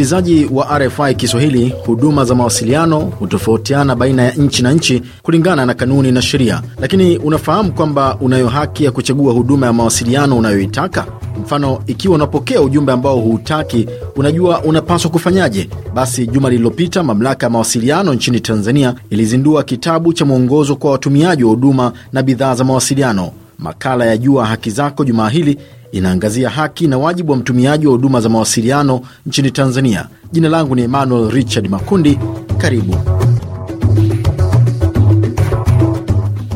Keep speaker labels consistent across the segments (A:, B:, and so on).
A: Msikilizaji wa RFI Kiswahili, huduma za mawasiliano hutofautiana baina ya nchi na nchi kulingana na kanuni na sheria, lakini unafahamu kwamba unayo haki ya kuchagua huduma ya mawasiliano unayoitaka. Mfano, ikiwa unapokea ujumbe ambao huutaki, unajua unapaswa kufanyaje. Basi juma lililopita, mamlaka ya mawasiliano nchini Tanzania ilizindua kitabu cha mwongozo kwa watumiaji wa huduma na bidhaa za mawasiliano. Makala ya Jua Haki Zako jumaa hili inaangazia haki na wajibu wa mtumiaji wa huduma za mawasiliano nchini Tanzania. Jina langu ni Emmanuel Richard Makundi, karibu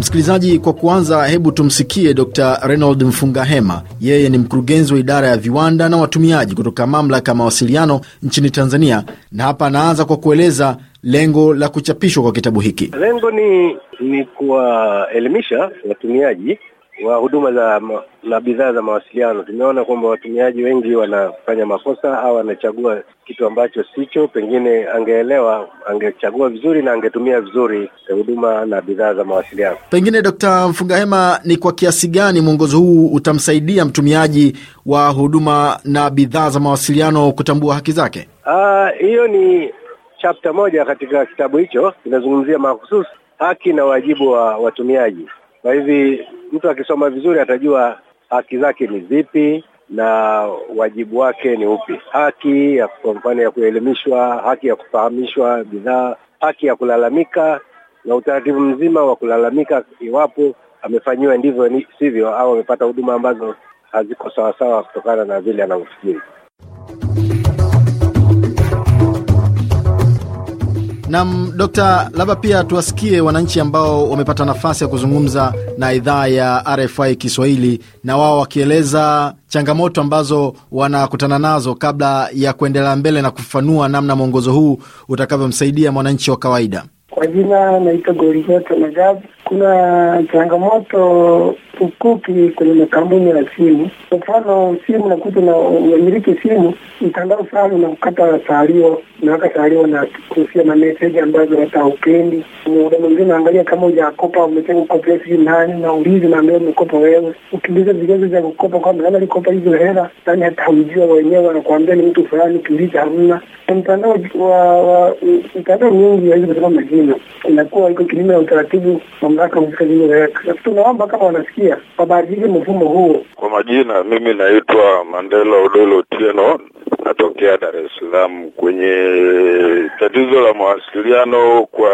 A: msikilizaji. Kwa kuanza, hebu tumsikie Dr Reynold Mfungahema. Yeye ni mkurugenzi wa idara ya viwanda na watumiaji kutoka mamlaka ya mawasiliano nchini Tanzania, na hapa anaanza kwa kueleza lengo la kuchapishwa kwa kitabu hiki.
B: Lengo ni, ni kuwaelimisha watumiaji wa huduma za na bidhaa za mawasiliano, tumeona kwamba watumiaji wengi wanafanya makosa au wanachagua kitu ambacho sicho. Pengine angeelewa, angechagua vizuri na angetumia vizuri huduma na bidhaa za mawasiliano.
A: Pengine Dkt. Mfungahema, ni kwa kiasi gani mwongozo huu utamsaidia mtumiaji wa huduma na bidhaa za mawasiliano kutambua haki zake?
B: Ah, hiyo ni chapta moja katika kitabu hicho, inazungumzia mahususi haki na wajibu wa watumiaji. Kwa hivi mtu akisoma vizuri atajua haki zake ni zipi na wajibu wake ni upi. Haki ya kwa mfano ya kuelimishwa, haki ya kufahamishwa bidhaa, haki ya kulalamika na utaratibu mzima wa kulalamika iwapo amefanyiwa ndivyo ni sivyo, au amepata huduma ambazo haziko sawasawa kutokana na vile anavyofikiri.
A: Nam Dokta, labda pia tuwasikie wananchi ambao wamepata nafasi ya kuzungumza na idhaa ya RFI Kiswahili, na wao wakieleza changamoto ambazo wanakutana nazo, kabla ya kuendelea mbele na kufafanua namna mwongozo huu utakavyomsaidia mwananchi wa kawaida.
B: Kwa jina naitwa Gorigota Magabu, kuna changamoto ukuki kwenye makampuni ya simu. Kwa mfano, simu nakuta na umiliki simu mtandao fulani unakata salio, unaweka salio na kuhusia na meseji ambazo hata upendi. Muda mwingine unaangalia kama ujakopa umetenga kukopea sijui nani, naulizi naambia umekopa wewe, ukimbiza vigezo vya kukopa kwamba labda alikopa hizo hela, yaani hata ujia wenyewe, wanakuambia ni mtu fulani, kiuliza hamna. Mtandao wa mtandao mingi haizi kusema majina, inakuwa iko kinyume ya utaratibu wa mamlaka mskajiia tunaomba kama wanasikia wabadili mfumo huo.
C: Kwa majina, mimi naitwa Mandela Odolo Tieno, natokea Dar es Salaam. Kwenye tatizo la mawasiliano kwa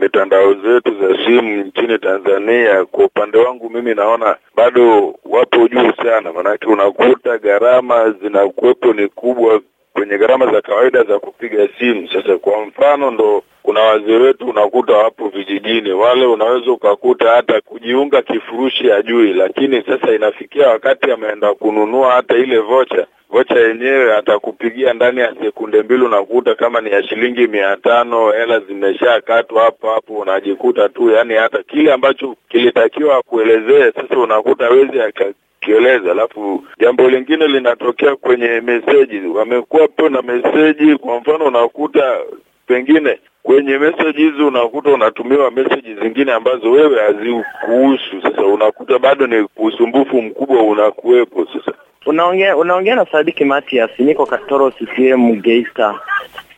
C: mitandao zetu za simu nchini Tanzania, kwa upande wangu mimi naona bado wapo juu sana, maanake unakuta gharama zinakuwepo ni kubwa kwenye gharama za kawaida za kupiga simu. Sasa kwa mfano ndo kuna wazee wetu unakuta wapo vijijini, wale unaweza ukakuta hata kujiunga kifurushi ajui, lakini sasa inafikia wakati ameenda kununua hata ile vocha vocha yenyewe atakupigia ndani ya sekunde mbili, unakuta kama ni ya shilingi mia tano hela zimeshakatwa hapo hapo, unajikuta tu yani hata kile ambacho kilitakiwa akuelezee sasa unakuta wezi kieleza. Alafu jambo lingine linatokea kwenye meseji, wamekuwa pia na meseji, kwa mfano unakuta pengine kwenye hizi unakuta unatumiwa message zingine ambazo wewe hazikuhusu. Sasa unakuta bado ni usumbufu mkubwa unakuwepo. Sasa unaongea unaongea na Sadiki Matias, niko Katoro CCM Geita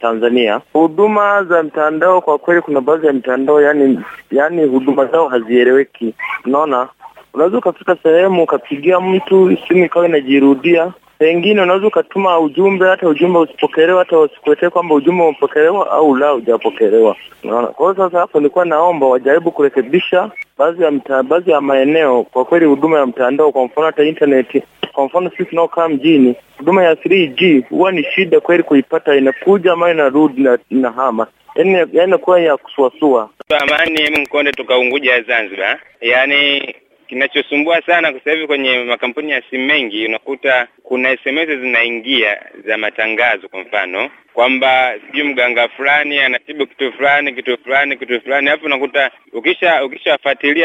C: Tanzania. Huduma za mtandao kwa kweli, kuna baadhi ya mtandao yani, yani huduma zao hazieleweki. Unaona, unaweza ukafika sehemu ukapigia mtu simu ikawa inajirudia pengine unaweza ukatuma ujumbe, hata ujumbe usipokelewa, hata wasikuetee kwamba ujumbe umepokelewa au la hujapokelewa. Unaona, kwa hiyo sasa hapo nilikuwa naomba wajaribu kurekebisha baadhi ya mta, baadhi ya maeneo. Kwa kweli huduma ya mtandao, kwa mfano hata intaneti, kwa mfano sisi tunaokaa mjini, huduma ya 3G huwa ni shida kweli kuipata, inakuja ama inarudi na inahama yaani inakuwa yaani ya kusuasua. Amani Mkonde, tukaunguja Zanzibar, yaani Kinachosumbua sana kwa sahivi kwenye makampuni ya simu mengi, unakuta kuna SMS zinaingia za matangazo, kwa mfano kwamba sijui mganga fulani anatibu kitu fulani kitu fulani kitu fulani, alafu unakuta ukisha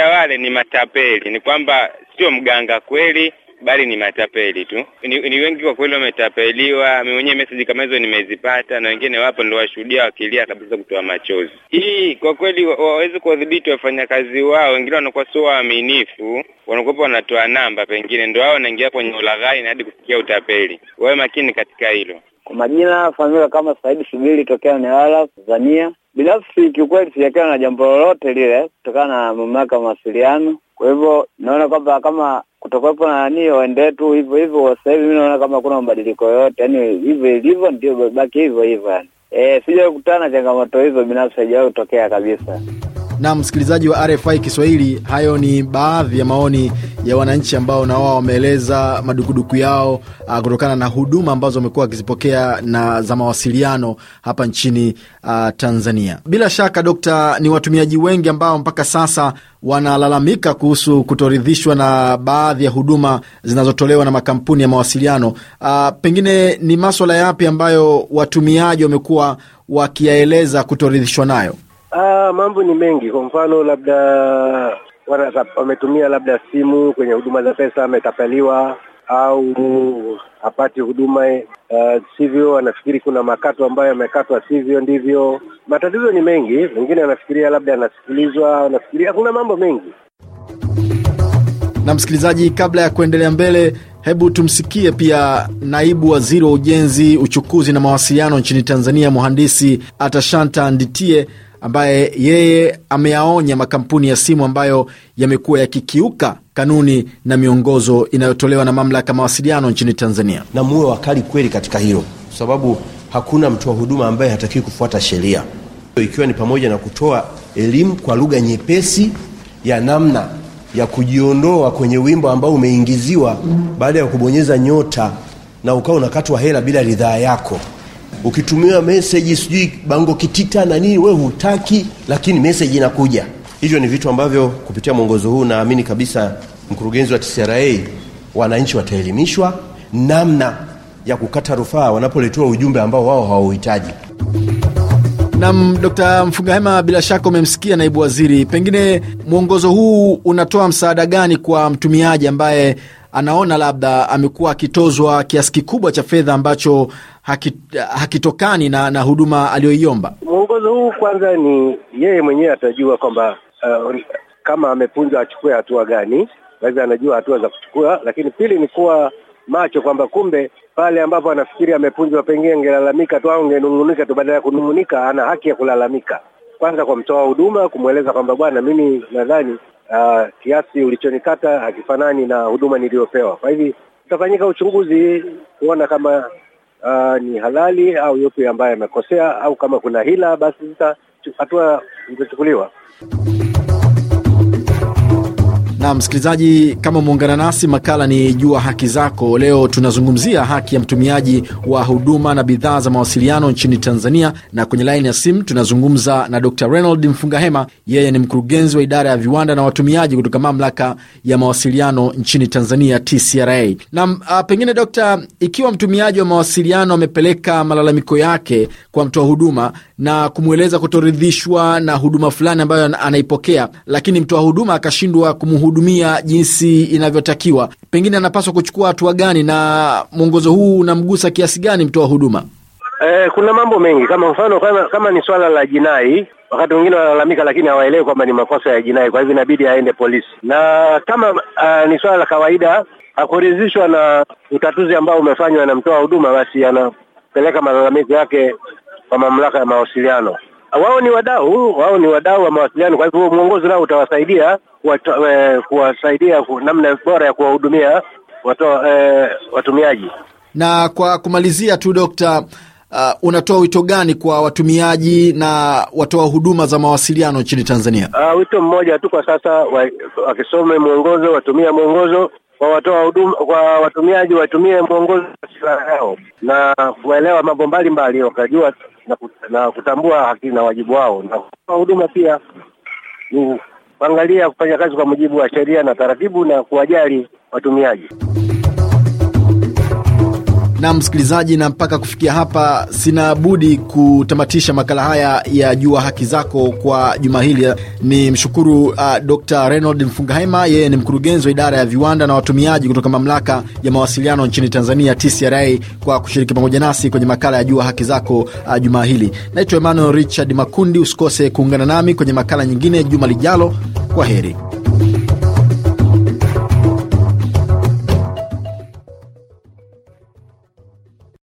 C: wale ni matapeli, ni kwamba sio mganga kweli, bali ni matapeli tu. Ni, ni wengi kwa kweli wametapeliwa. Mimi mwenyewe message kama hizo nimezipata, na wengine wapo niliwashuhudia wakilia kabisa kutoa machozi. Hii kwa kweli waweze kuwadhibiti wafanyakazi wao, wengine wanakuwa sio waaminifu, wanakuwa wanatoa namba, pengine ndio hao wanaingia kwenye ulaghai na hadi kufikia utapeli. Wawe makini katika hilo. Kwa majina familia kama Saidi Shubiri tokea Newala, Tanzania. Binafsi kiukweli sijakiwa na jambo lolote lile kutokana na mamlaka ya mawasiliano kwa hivyo naona kwamba kama kutokwepo na nani waendelee tu hivyo hivyo. Sasa hivi mi naona kama hakuna mabadiliko yoyote, yani hivyo ilivyo ndio baki hivyo hivyo, yani eh, E, sijawahi kukutana na changamoto hizo binafsi, haijawahi
B: kutokea kabisa
A: na msikilizaji wa RFI Kiswahili, hayo ni baadhi ya maoni ya wananchi ambao na wao wameeleza madukuduku yao uh, kutokana na huduma ambazo wamekuwa wakizipokea na za mawasiliano hapa nchini uh, Tanzania. Bila shaka Dokta, ni watumiaji wengi ambao mpaka sasa wanalalamika kuhusu kutoridhishwa na baadhi ya huduma zinazotolewa na makampuni ya mawasiliano. Uh, pengine ni maswala yapi ambayo watumiaji wamekuwa wakiyaeleza kutoridhishwa nayo?
B: Ah, mambo ni mengi. Kwa mfano labda wametumia labda simu kwenye huduma za pesa, ametapeliwa au hapati huduma uh, sivyo, anafikiri kuna makato ambayo yamekatwa sivyo ndivyo. Matatizo ni mengi, mwingine anafikiria labda anasikilizwa, anafikiria kuna mambo mengi.
A: Na msikilizaji, kabla ya kuendelea mbele, hebu tumsikie pia naibu waziri wa ujenzi, uchukuzi na mawasiliano nchini Tanzania, mhandisi Atashanta Nditie ambaye yeye ameyaonya makampuni ya simu ambayo yamekuwa yakikiuka kanuni na miongozo inayotolewa na mamlaka mawasiliano nchini Tanzania. Na muwe wakali kweli katika hilo, kwa sababu hakuna mtoa huduma ambaye hatakiwi kufuata sheria, ikiwa ni pamoja na
B: kutoa elimu kwa lugha nyepesi ya namna ya kujiondoa kwenye wimbo ambao umeingiziwa baada ya kubonyeza nyota na ukawa unakatwa hela bila ridhaa yako ukitumia meseji sijui bango kitita na nini, wewe hutaki, lakini meseji inakuja. Hivyo ni vitu ambavyo kupitia mwongozo huu naamini kabisa, mkurugenzi wa TCRA, wananchi wataelimishwa namna ya kukata rufaa wanapoletewa ujumbe ambao wao hawauhitaji.
A: Nam dr Mfugahema, bila shaka umemsikia naibu waziri, pengine mwongozo huu unatoa msaada gani kwa mtumiaji ambaye anaona labda amekuwa akitozwa kiasi kikubwa cha fedha ambacho hakitokani na, na huduma aliyoiomba.
B: Mwongozo huu kwanza ni yeye mwenyewe atajua kwamba uh, kama amepunjwa achukue hatua gani, aweza anajua hatua za kuchukua. Lakini pili ni kuwa macho kwamba kumbe pale ambapo anafikiri amepunjwa, pengine angelalamika tu au angenung'unika tu. Badala ya kunung'unika, ana haki ya kulalamika kwanza kwa mtoa huduma, kumweleza kwamba bwana, mimi nadhani uh, kiasi ulichonikata hakifanani na huduma niliyopewa. Kwa hivi utafanyika uchunguzi kuona kama uh, ni halali au yupi ambaye amekosea au kama kuna hila, basi hatua zitachukuliwa.
A: Na msikilizaji, kama umeungana nasi, makala ni Jua Haki Zako. Leo tunazungumzia haki ya mtumiaji wa huduma na bidhaa za mawasiliano nchini Tanzania, na kwenye laini ya simu tunazungumza na Dr Reynold Mfungahema. Yeye ni mkurugenzi wa idara ya viwanda na watumiaji kutoka mamlaka ya mawasiliano nchini Tanzania, TCRA. Na a, ah, pengine Dokta, ikiwa mtumiaji wa mawasiliano amepeleka malalamiko yake kwa mtoa huduma na kumweleza kutoridhishwa na huduma fulani ambayo anaipokea, lakini mtoa huduma akashindwa kumuhu kuhudumia jinsi inavyotakiwa, pengine anapaswa kuchukua hatua gani, na mwongozo huu unamgusa kiasi gani mtoa huduma?
B: Eh, kuna mambo mengi kama mfano kama, kama ni swala la jinai wakati mwingine wanalalamika lakini hawaelewi kwamba ni makosa ya jinai, kwa hivyo inabidi aende polisi. Na kama uh, ni swala la kawaida hakuridhishwa na utatuzi ambao umefanywa na mtoa huduma, basi anapeleka malalamiko yake kwa mamlaka ya mawasiliano wao ni wadau, wao ni wadau wa mawasiliano. Kwa hivyo mwongozo nao utawasaidia eh, kuwasaidia namna bora ya kuwahudumia eh, watumiaji.
A: Na kwa kumalizia tu Dokta, uh, unatoa wito gani kwa watumiaji na watoa huduma za mawasiliano nchini Tanzania?
B: Uh, wito mmoja tu kwa sasa, wakisome wa mwongozo, watumia mwongozo kwa watoa huduma, kwa watumiaji watumie mwongozo yao na kuelewa mambo mbalimbali, wakajua na, na kutambua haki na wajibu wao na kutoa huduma pia ni kuangalia kufanya kazi kwa mujibu wa sheria na taratibu na
A: kuwajali watumiaji na msikilizaji, na mpaka kufikia hapa, sina budi kutamatisha makala haya ya Jua Haki Zako kwa juma hili. Ni mshukuru uh, Dr Reynold Mfungaheima, yeye ni mkurugenzi wa idara ya viwanda na watumiaji kutoka mamlaka ya mawasiliano nchini Tanzania, TCRA, kwa kushiriki pamoja nasi kwenye makala ya Jua Haki Zako uh, juma hili. Naitwa Emmanuel Richard Makundi. Usikose kuungana nami kwenye makala nyingine juma lijalo. Kwa heri.